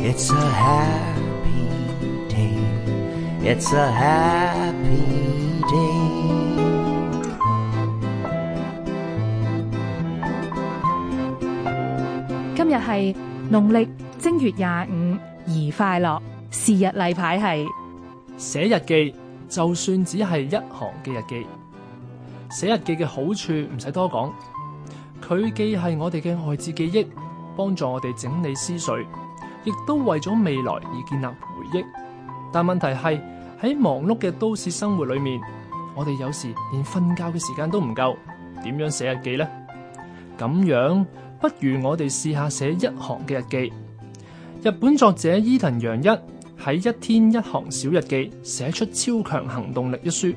It's a happy day, it's a happy day 今日係農曆正月廿五，而快樂。是日例牌係寫日記，就算只係一行嘅日記，寫日記嘅好處唔使多講，佢既係我哋嘅外置記憶。幫助我哋整理思緒，亦都為咗未來而建立回憶。但問題係喺忙碌嘅都市生活裏面，我哋有時連瞓覺嘅時間都唔夠，點樣寫日記呢？咁樣，不如我哋試下寫一行嘅日記。日本作者伊藤洋一喺《在一天一行小日記：寫出超強行動力》一書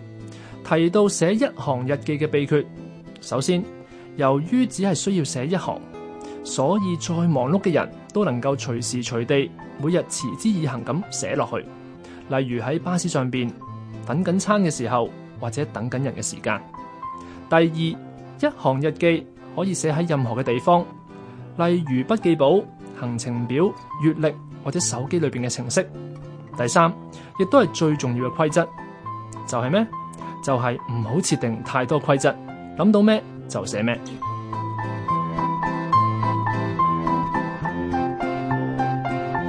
提到寫一行日記嘅秘訣。首先，由於只係需要寫一行。所以再忙碌嘅人都能夠隨時隨地每日持之以恒咁寫落去，例如喺巴士上邊等緊餐嘅時候，或者等緊人嘅時間。第二，一行日記可以寫喺任何嘅地方，例如筆記簿、行程表、月曆或者手機裏邊嘅程式。第三，亦都係最重要嘅規則，就係咩？就係唔好設定太多規則，諗到咩就寫咩。